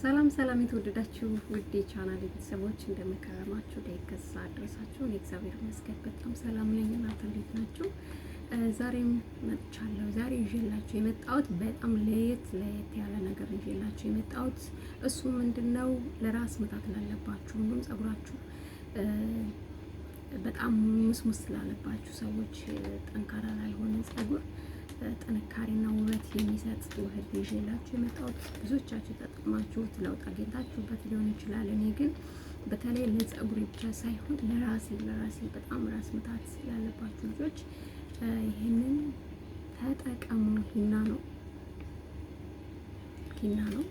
ሰላም ሰላም የተወደዳችሁ ውድ ቻናል ቤተሰቦች እንደምከረማችሁ ደይከሳ አድረሳችሁ። የእግዚአብሔር ይመስገን በጣም ሰላም ነኝ። እናንተ እንዴት ናችሁ? ዛሬም መጥቻለሁ። ዛሬ ይዤላችሁ የመጣሁት በጣም ለየት ለየት ያለ ነገር ይዤላችሁ የመጣሁት እሱ ምንድን ነው? ለራስ ምታት ላለባችሁ ሁሉም ጸጉራችሁ በጣም ሙስሙስ ስላለባችሁ ሰዎች ጠንካራ ላልሆነ ጸጉር ጥንካሬና ውበት የሚሰጥ ውህድ ይዤላችሁ የመጣሁት ብዙዎቻችሁ ተጠቅማችሁት ለውጥ አግኝታችሁበት ሊሆን ይችላል። እኔ ግን በተለይ ለጸጉሬ ብቻ ሳይሆን ለራሴ ለራሴ በጣም ራስ ምታት ላለባችሁ ልጆች ይህንን ተጠቀሙ። ሂና ነው ሂና ነው።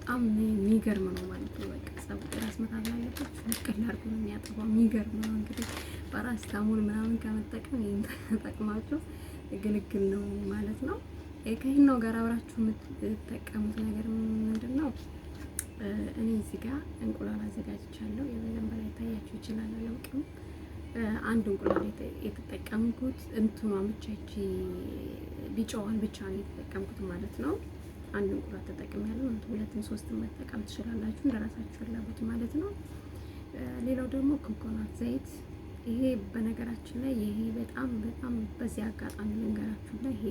በጣም የሚገርም ነው ማለት ነው። በቃ ጸጉር ራስ ምታት ላለበት ፍቅል አድርጎ ነው የሚያጠፋው። የሚገርም ነው እንግዲህ ፓራሲታሞል ምናምን ከመጠቀም ይህን ተጠቅማችሁ ግልግል ነው ማለት ነው። ከይህናው ጋር አብራችሁ የምትጠቀሙት ነገር ምንድን ነው? እኔ እዚህ ጋር እንቁላል አዘጋጅቻለሁ። የበደንብ ላይ ታያችሁ ይችላል። ለውቅም አንድ እንቁላል የተጠቀምኩት እንትኗ ብቻ ቢጫዋን ብቻ ነው የተጠቀምኩት ማለት ነው። አንድ እንቁላል ተጠቅም ያለው አንተ ሁለትም ሶስት መጠቀም ትችላላችሁ እንደራሳችሁ ፍላጎት ማለት ነው። ሌላው ደግሞ ኮኮናት ዘይት ይሄ በነገራችን ላይ ይሄ በጣም በጣም በዚህ አጋጣሚ ልንገራችሁ ላይ ይሄ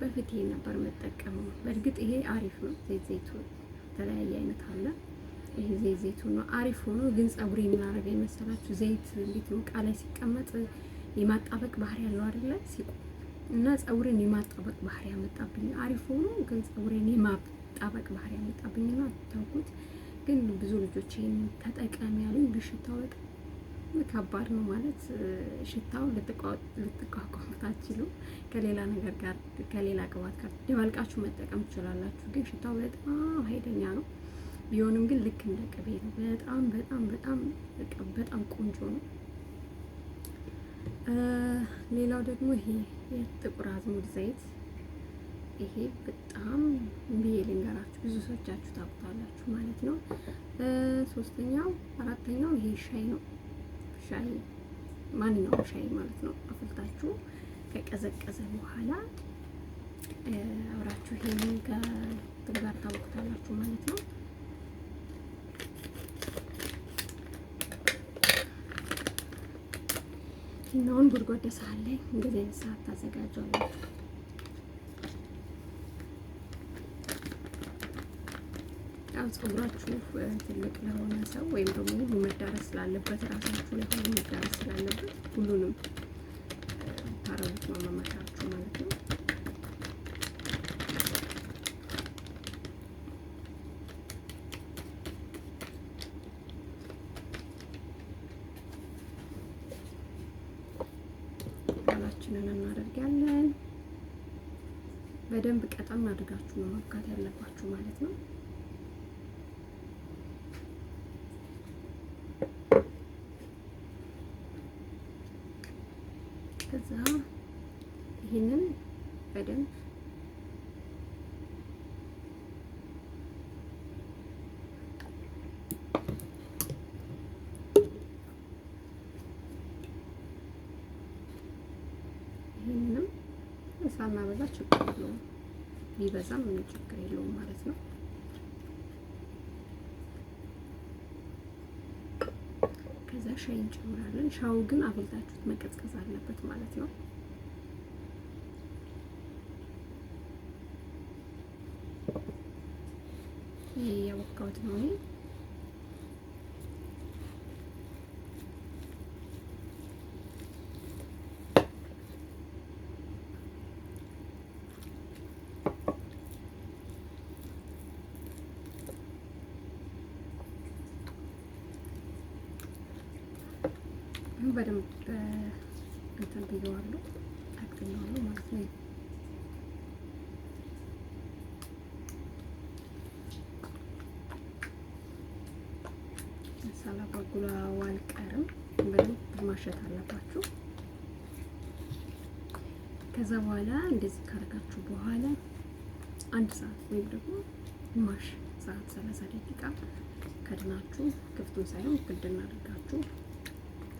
በፊት ይሄ ነበር የምጠቀመው። በእርግጥ ይሄ አሪፍ ነው። ዘይት ዘይቱን የተለያየ አይነት አለ። ይሄ ዘይት ዘይቱን ነው አሪፍ ሆኖ፣ ግን ጸጉሬ የምናደርገ የመሰላችሁ ዘይት እንዴት ነው እቃ ላይ ሲቀመጥ የማጣበቅ ባህሪ ያለው አይደለ? ሲቆ እና ጸጉሬን የማጣበቅ ባህሪ ያመጣብኝ። አሪፍ ሆኖ ግን ጸጉሬን የማጣበቅ ባህሪ ያመጣብኝ ነው ታውቁት። ግን ብዙ ልጆች ይሄን ተጠቀሚ ያሉኝ በሽታው በጣም ከባድ ነው ማለት ሽታው ልትቋቋሙት አትችሉም። ከሌላ ነገር ጋር ከሌላ ቅባት ጋር ደባልቃችሁ መጠቀም ትችላላችሁ፣ ግን ሽታው በጣም ኃይለኛ ነው። ቢሆንም ግን ልክ እንደ ቅቤ ነው። በጣም በጣም በጣም በጣም ቆንጆ ነው። ሌላው ደግሞ ይሄ የጥቁር አዝሙድ ዘይት ይሄ በጣም ብዬ ልንገራችሁ ብዙ ሰዎቻችሁ ታውቁታላችሁ ማለት ነው። ሶስተኛው አራተኛው ይሄ ሻይ ነው። ሻይ ማንኛውም ሻይ ማለት ነው አፍልታችሁ ከቀዘቀዘ በኋላ አብራችሁ ይሄንን ከእንትን ጋር ታወቅታላችሁ ማለት ነው። እናውን ጎድጓዳ ሳህን ላይ እንደዚህ አይነት ሰዓት ታዘጋጃላችሁ። በጣም ፀጉራችሁ ትልቅ ለሆነ ሰው ወይም ደግሞ ሁሉ መዳረስ ስላለበት ራሳችሁ ላይ ሁሉ መዳረስ ስላለበት ሁሉንም ታረጉት ነው መመክራችሁ ማለት ነው። ቃላችንን እናደርጋለን። በደንብ ቀጠን አድርጋችሁ ነው መብካት ያለባችሁ ማለት ነው። ባናበዛ ችግር የለውም፣ ቢበዛም ምንም ችግር የለውም ማለት ነው። ከዛ ሻይ እንጨምራለን። ሻው ግን አብልታችሁት መቀዝቀዝ አለበት ማለት ነው። ይሄ ያቦካሁት ነው። በደንብ እንትን ብየዋለሁ አግዘኛዋለሁ ማለት ነው። ሳላጓጉላው አልቀርም። በደንብ ማሸት አለባችሁ። ከዛ በኋላ እንደዚህ ካደረጋችሁ በኋላ አንድ ሰዓት ወይም ደግሞ ግማሽ ሰዓት ሰላሳ ደቂቃ ከድናችሁ ክፍቱን ሳይሆን ክልድና አድርጋችሁ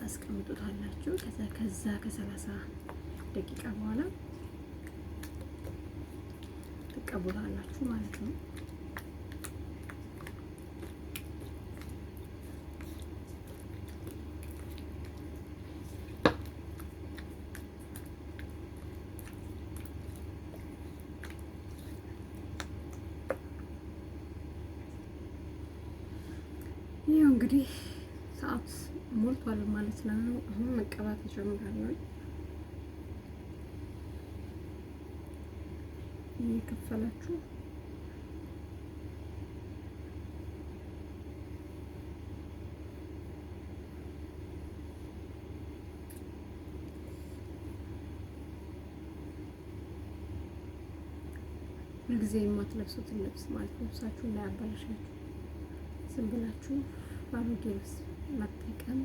ታስቀምጡታላችሁ። ከዛ ከዛ ከሰላሳ ደቂቃ በኋላ ትቀቡታላችሁ ማለት ነው። ይኸው እንግዲህ ሞልቷል ማለት ነው። አሁን መቀባት እጀምራለሁ። እየከፈላችሁ ሁልጊዜ የማትለብሱትን ልብስ ማለት ልብሳችሁ እንዳያበላሻችሁ ዝም ብላችሁ አሮጌ ልብስ መጠቀም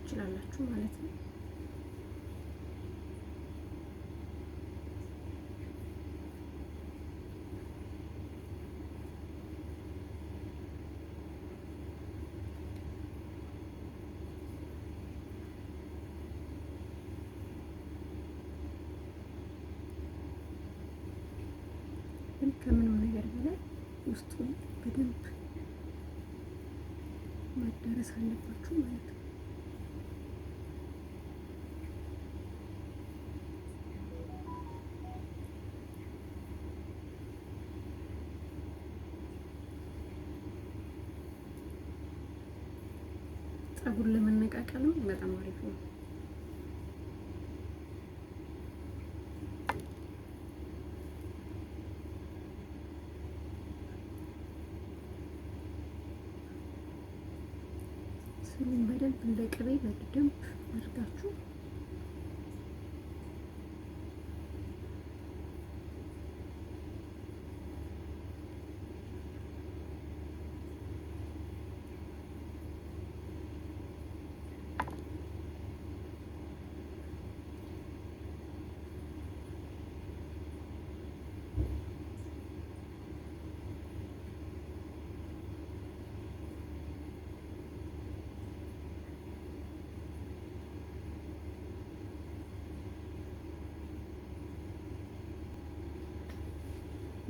ትችላላችሁ ማለት ነው። ከምንም ነገር በላይ ውስጡን በደንብ መደረስ አለባችሁ ማለት ነው። ጸጉር ለመነቃቀል ነው። በጣም አሪፍ ነው። በደንብ እንደ ቅቤ በደንብ አድርጋችሁ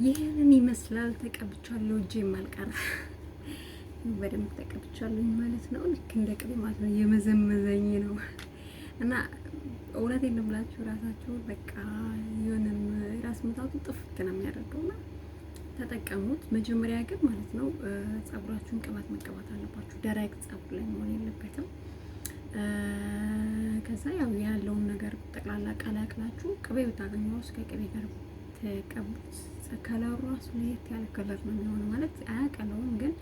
ይህንን ይመስላል። ተቀብቻለሁ። እጄም አልቀረ በደንብ ተቀብቻለሁኝ ማለት ነው። ልክ እንደ ቅድማት ነው። የመዘመዘኝ ነው እና እውነቴን ነው የምላችሁ በቃ የሆነም ራስ ምታቱ ጥፍት ነው የሚያደርገው እና ተጠቀሙት። መጀመሪያ ግን ማለት ነው ጸጉራችሁን ቅባት መቀባት አለባችሁ። ደረቅ ጸጉር ላይ መሆን የለበትም። ከዛ ያው ያለውን ነገር ጠቅላላ ቀላቅላችሁ ቅቤ ብታገኘ ውስጥ ከቅቤ ጋር ተቀቡት። ከለሩ ራሱ ለየት ያለ ከለር ነው የሚሆነው። ማለት አያቀለውም ግን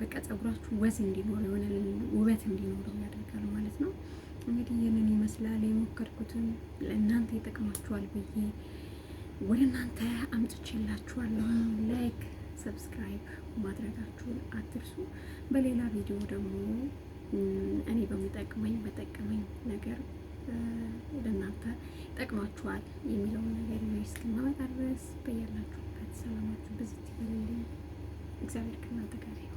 በቃ ጸጉራችሁ ወዝ እንዲኖር የሆነ ውበት እንዲኖረው ያደርጋል ማለት ነው። እንግዲህ ይህንን ይመስላል የሞከርኩትን ለእናንተ ይጠቅማችኋል ብዬ ወደ እናንተ አምጥቼላችኋለሁ። ላይክ ሰብስክራይብ ማድረጋችሁን አትርሱ። በሌላ ቪዲዮ ደግሞ እኔ በሚጠቅመኝ በጠቀመኝ ነገር ለእናንተ ይጠቅማችኋል የሚለውን ነገር ይዘን እስክንመጣ ድረስ በያላችሁበት ሰላማችሁ ብዝት ይበልልኝ። እግዚአብሔር ከእናንተ ጋር ይሁን።